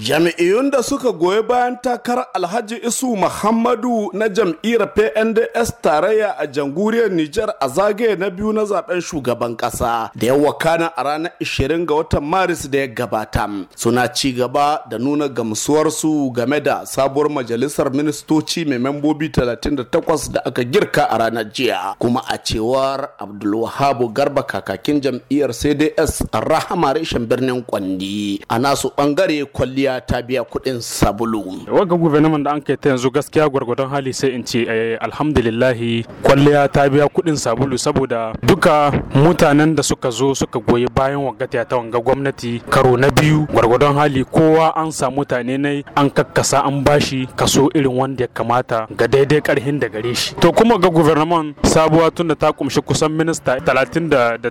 Jami'iyun da suka goyi bayan takar Alhaji Isu Muhammadu na jam'iyyar PNDS tarayya a jamhuriyar Nijar a zagaye na biyu na zaben shugaban kasa da ya wakana a ranar 20 ga watan Maris da ya gabata. Suna ci gaba da nuna gamsuwarsu game da sabuwar majalisar ministoci mai membobi 38 da aka girka a ranar jiya. Kuma a cewar Abdulwahabu Garba kakakin jam'iyyar CDS a Rahama reshen birnin Kwandi a nasu bangare kwalli biya ta biya kuɗin sabulu. Waga guvernaman da an kai ta yanzu gaskiya gwargwadon hali sai in ce eh, alhamdulillahi kwalliya ta biya kuɗin sabulu saboda duka mutanen da suka zo suka goyi bayan wagata ta wanga gwamnati karo na biyu gwargwadon hali kowa an samu mutane ne an kakkasa an bashi kaso irin wanda ya kamata ga daidai karhin da gare shi. To kuma ga guvernaman sabuwa tun da ta kumshi kusan minista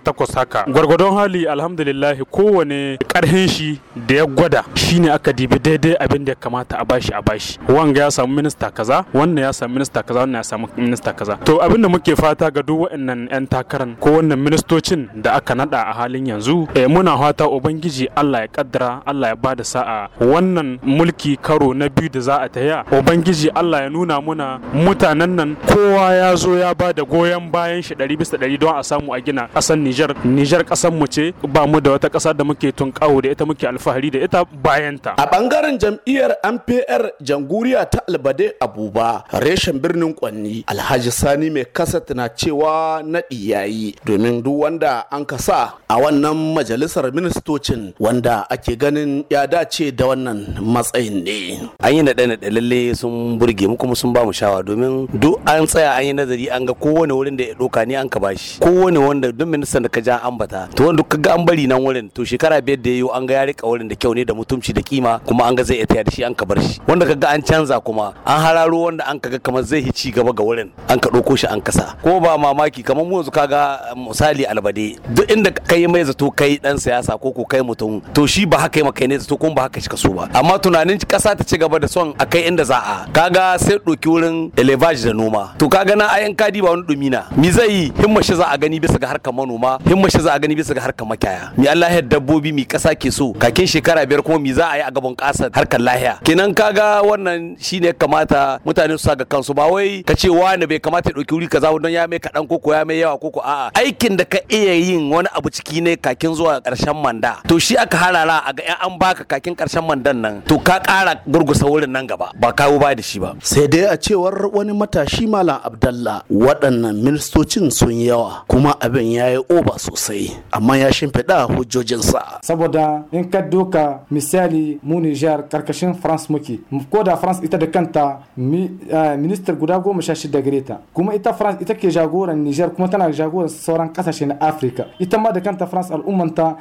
takwas haka gwargwadon hali alhamdulillahi kowane karhin shi da ya gwada shine aka dibi daidai abin da ya kamata a bashi a bashi wanga ya samu minista kaza wannan ya samu minista kaza wannan ya samu minista kaza to abin da muke fata ga duk waɗannan 'yan takaran ko wannan ministocin da aka nada a halin yanzu eh, muna fata ubangiji Allah ya kaddara Allah ya bada sa'a wannan mulki karo na biyu da za a taya ubangiji Allah ya nuna muna mutanen nan kowa ya zo ya bada goyon bayan shi ɗari bisa ɗari don a samu a gina ƙasar Nijar Nijar ƙasar mu ce ba mu da wata ƙasa da muke tunƙawo da ita muke alfahari da ita bayanta Amurka. A bangaren jam'iyyar MPR janguriya ta Albade Abuba reshen birnin Kwanni Alhaji Sani mai kasat na cewa na iyayi domin duk wanda an kasa a wannan majalisar ministocin wanda ake ganin ya dace da wannan matsayin ne. An yi naɗe naɗe lalle sun burge mu kuma sun ba mu shawa domin duk an tsaya an yi nazari an ga kowane wurin da ya ɗauka ne an ka bashi kowane wanda duk ministan da ka ja ambata to wanda ka ga an bari nan wurin to shekara biyar da ya yi an ga ya riƙa wurin da kyau ne da mutumci da kima kima kuma an ga zai iya da shi an ka bar shi wanda kaga an canza kuma an hararo wanda an kaga kamar zai ci gaba ga wurin an ka ɗauko shi an kasa ko ba mamaki kamar mu yanzu kaga eh, misali albade duk inda kai mai zato kai dan siyasa ko ko kai mutum to shi ba haka maka ne zato kuma ba haka shi ka so ba amma tunanin kasa ta ci gaba da son a kai inda za a kaga sai ɗauki wurin elevage da noma to kaga na ayan kadi ba wani dumina mi zai yi himma shi za a gani bisa ga harkar manoma himma shi za a gani bisa ga harkar makiyaya mi Allah ya dabbobi mi kasa ke so kakin shekara biyar kuma mi za a yi a gaban kasar harkar lahiya kenan kaga wannan shine kamata mutane su ga kansu ba wai ka ce wani bai kamata ya dauki wuri kaza don ya mai kadan koko ya mai yawa koko a'a aikin da ka iya yin wani abu ciki ne kakin zuwa karshen manda to shi aka harara a ga an baka kakin karshen mandan nan to ka kara gurgusa wurin nan gaba ba kawo ba da shi ba sai dai a cewar wani matashi malam abdallah waɗannan ministocin sun yawa kuma abin ya yi oba sosai amma ya shimfiɗa hujjojinsa saboda in ka doka misali mu Nijar karkashin France muke ko da France ita da kanta eh, minister guda goma sha shida gare ta kuma ita France ita ke jagoran Nijar kuma tana jagoran sauran kasashe na Africa ita ma da kanta France al'ummanta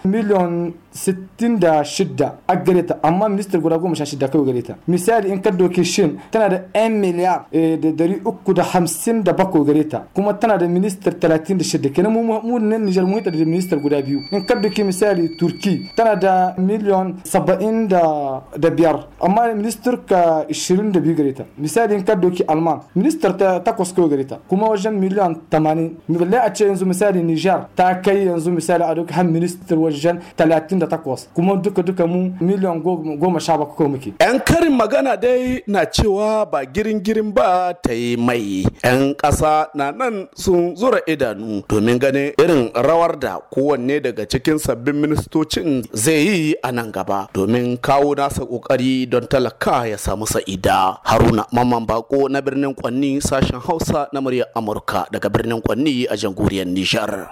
da 66 a gare ta amma minister guda goma sha shida kawai gare ta misali in ka doke shin tana da 1 miliyar eh, da dari uku da hamsin da bakwai gare ta kuma tana da minister 36 kenan mu ne Nijar mu da minister guda biyu in ka doke misali Turki tana da miliyan saba'in da da biyar amma ministar ka 22 gare ta misali in ka doki alman ministar ta takwas kawai gare ta kuma wajen miliyan 80 balle a ce yanzu misali niger ta kai yanzu misali a doki har ministar wajen 38 kuma duka duka mu miliyan goma sha 17 kawai muke yan karin magana dai na cewa ba girin girin ba ta yi mai yan kasa na nan sun zura idanu domin ganin irin rawar da kowanne daga cikin sabbin ministocin zai yi a nan gaba domin kawo kawo nasa kokari don talaka ya samu sa'ida haruna mamman bako na birnin kwanni sashen hausa na murya amurka daga birnin kwanni a jamhuriyar nijar